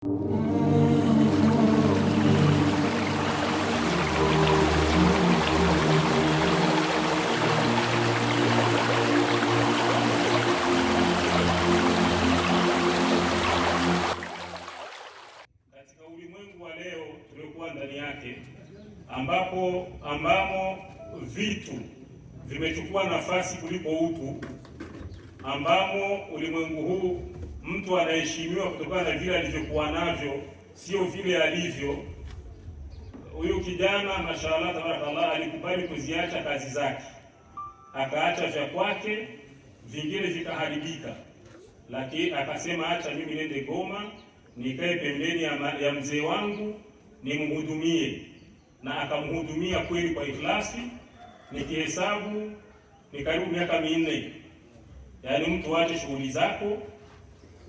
Katika ulimwengu wa leo tuliokuwa ndani yake, ambapo ambamo vitu vimechukua nafasi kuliko utu, ambamo ulimwengu huu mtu anaheshimiwa kutokana na vile alivyokuwa navyo, sio vile alivyo. Huyu kijana mashallah, tabarakallah, alikubali kuziacha kazi zake, akaacha vya kwake, vingine vikaharibika, lakini akasema acha mimi nende Goma nikae pembeni ya, ya mzee wangu nimhudumie, na akamhudumia kweli kwa ikhlasi. Nikihesabu ni karibu miaka minne, yaani mtu aache shughuli zako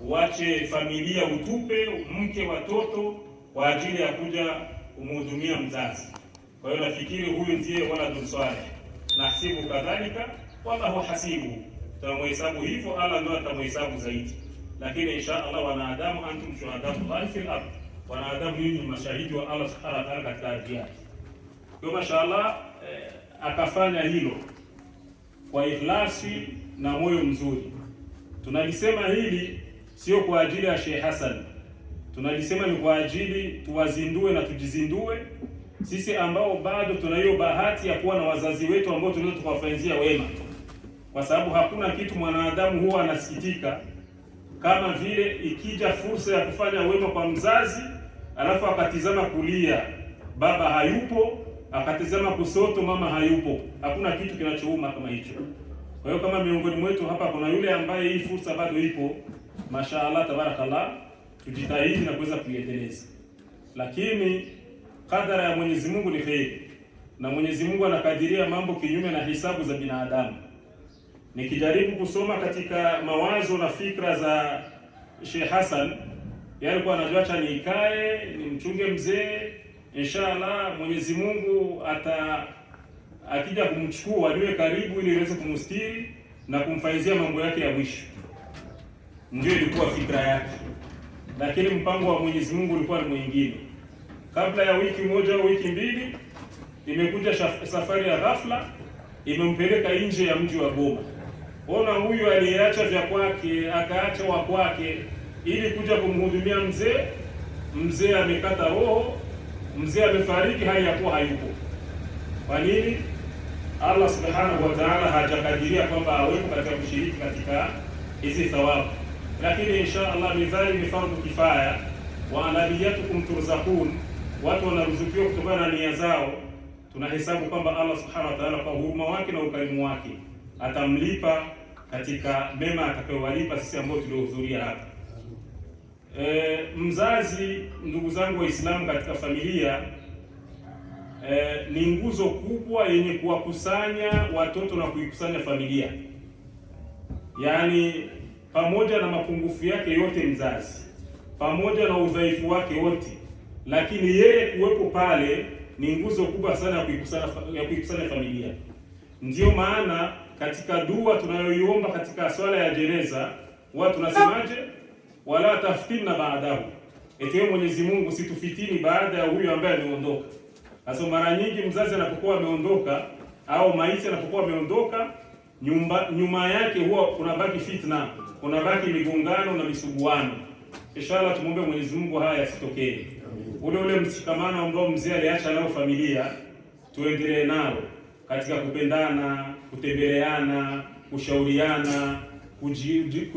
uache familia, utupe mke, watoto kwa ajili ya kuja kumhudumia mzazi. Kwa hiyo nafikiri huyu ndiye waladu salih, nahsibu kadhalika, wallahu hasibu, tutamhesabu hivyo, ala ndio atamhesabu zaidi. Lakini insha Allah, wanadamu antum shuhadau fil ard, wanadamu nyinyi ni mashahidi wa Allah subhanahu wa ta'ala katika ardhi yake. Kwa mashaallah, eh, akafanya hilo kwa ikhlasi na moyo mzuri. Tunalisema hili sio kwa ajili ya Sheikh Hassan, tunalisema ni kwa ajili tuwazindue na tujizindue sisi ambao bado tuna hiyo bahati ya kuwa na wazazi wetu ambao tunaweza tukawafanyia wema, kwa sababu hakuna kitu mwanadamu huwa anasikitika kama vile ikija fursa ya kufanya wema kwa mzazi alafu akatizama kulia, baba hayupo, akatizama kusoto, mama hayupo. Hakuna kitu kinachouma kama hicho. Kwa hiyo kama miongoni mwetu hapa kuna yule ambaye hii fursa bado ipo mashaallah tabarakallah, tujitahidi na kuweza kuiendeleza, lakini kadara ya Mwenyezi Mungu ni kheri, na Mwenyezi Mungu anakadiria mambo kinyume na hisabu za binadamu. Nikijaribu kusoma katika mawazo na fikra za Sheikh Hassan, yeye alikuwa anajua acha ni mchunge mzee, inshallah Mwenyezi Mungu ata akija kumchukua niwe karibu ili iweze kumstiri na kumfaizia mambo yake ya mwisho. Ndio ilikuwa fikra yake, lakini mpango wa Mwenyezi Mungu ulikuwa ni mwingine. Kabla ya wiki moja au wiki mbili, imekuja safari ya ghafla, imempeleka nje ya mji wa Goma. Ona, huyu aliyeacha vya kwake akaacha wa kwake ili kuja kumhudumia mzee. Mzee amekata roho, mzee amefariki, hali yakuwa kuwa hayupo. Kwa nini? Allah subhanahu wa ta'ala hajakadiria kwamba aweko katika kushiriki katika hizi thawabu lakini insha Allah mizani ni fardhu kifaya, wa anabiyatukum turzakun, watu wanaruzukiwa kutokana na nia zao. Tunahesabu kwamba Allah subhanahu wa ta'ala kwa huruma wake na ukarimu wake atamlipa katika mema atakayowalipa sisi ambao tuliohudhuria hapa. E, mzazi, ndugu zangu Waislamu katika familia e, ni nguzo kubwa yenye kuwakusanya watoto na kuikusanya familia yaani pamoja na mapungufu yake yote mzazi, pamoja na udhaifu wake wote, lakini yeye kuwepo pale ni nguzo kubwa sana ya kuikusanya ya kuikusanya familia. Ndiyo maana katika dua tunayoiomba katika swala ya jeneza huwa tunasemaje? wala na baadahu, eti wewe Mwenyezi Mungu situfitini baada ya huyu ambaye ameondoka. Sasa mara nyingi mzazi anapokuwa ameondoka au maiti anapokuwa ameondoka nyumba, nyuma yake huwa kunabaki fitna, kunabaki migongano na misuguano. Inshallah tumwombe Mwenyezi Mungu haya yasitokee. Ule ule mshikamano ambao mzee aliacha nao familia tuendelee nao katika kupendana, kutembeleana, kushauriana,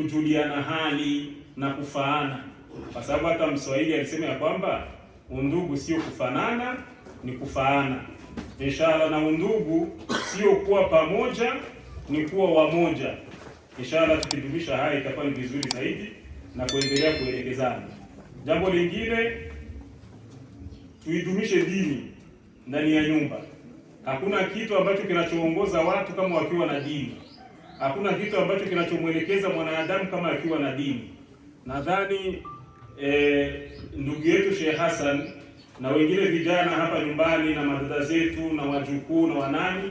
kujuliana hali na kufaana, kwa sababu hata Mswahili alisema ya kwamba undugu sio kufanana, ni kufaana. Inshallah, na undugu sio kuwa pamoja ni kuwa wamoja. Inshallah tukidumisha haya itakuwa ni vizuri zaidi na kuendelea kuelekezana. Jambo lingine, tuidumishe dini ndani ya nyumba. Hakuna kitu ambacho kinachoongoza watu kama wakiwa na dini. Hakuna kitu ambacho kinachomwelekeza mwanadamu kama akiwa na dini. Nadhani e, ndugu yetu Sheikh Hassan na wengine vijana hapa nyumbani na madada zetu na wajukuu na wanani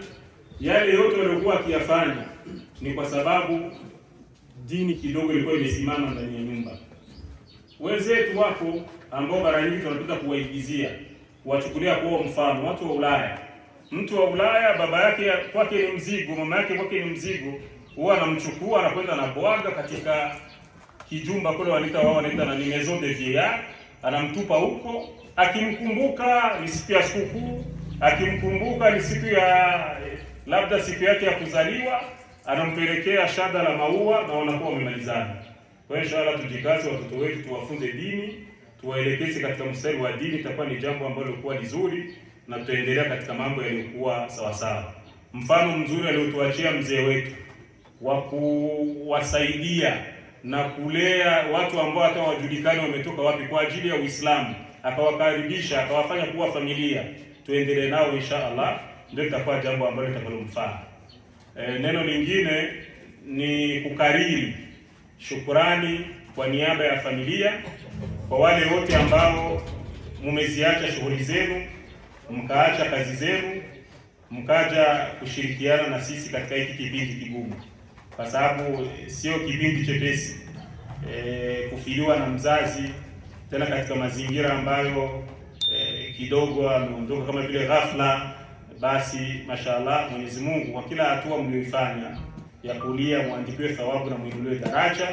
yale yote waliokuwa akiyafanya ni kwa sababu dini kidogo ilikuwa imesimama ndani ya nyumba. Wenzetu wako ambao mara nyingi tunapenda kuwaigizia, kuwachukulia kwa mfano watu wa Ulaya. Mtu wa Ulaya baba yake kwake ni mzigo, mama yake kwake ni mzigo, huwa anamchukua anakwenda na bwaga katika kijumba kule wanaita wao wanaita na maison de vieillard, anamtupa huko, akimkumbuka ni siku ya sikukuu, akimkumbuka ni siku ya labda siku yake ya kuzaliwa, anampelekea shada la maua na wanakuwa wamemalizana. Kwa hiyo inshallah, tujikaze watoto wetu, tuwafunze dini, tuwaelekeze katika mstari wa dini, itakuwa ni jambo ambalo lilikuwa nzuri na tutaendelea katika mambo yaliyokuwa sawasawa. Mfano mzuri aliotuachia mzee wetu wa kuwasaidia na kulea watu ambao hata wajulikani wametoka wapi kwa ajili ya Uislamu, akawakaribisha akawafanya kuwa familia. Tuendelee nao insha Allah ndio litakuwa jambo ambalo litakalomfaa. E, eh, neno lingine ni kukariri shukurani kwa niaba ya familia kwa wale wote ambao mumeziacha shughuli zenu mkaacha kazi zenu mkaja kushirikiana na sisi katika hiki kipindi kigumu, kwa sababu eh, sio kipindi chepesi e, eh, kufiliwa na mzazi tena katika mazingira ambayo e, kidogo ameondoka kama vile ghafla basi mashallah, Mwenyezi Mungu kwa kila hatua mlioifanya ya kulia muandikiwe thawabu na muinuliwe daraja,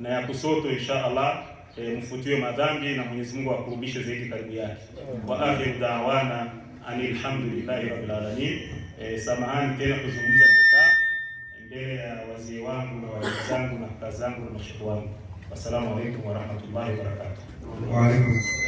na ya kusoto insha Allah e, eh, mfutiwe madhambi na Mwenyezi Mungu akurubishe zaidi karibu yake. Wa akhiru da'wana alhamdulillahi rabbil alamin. E, samahani tena kuzungumza nimekaa mbele ya wazee wangu na wazee zangu na kaka zangu na mashuhuri wangu. Wassalamu alaykum wa rahmatullahi wa barakatuh. Wa alaykum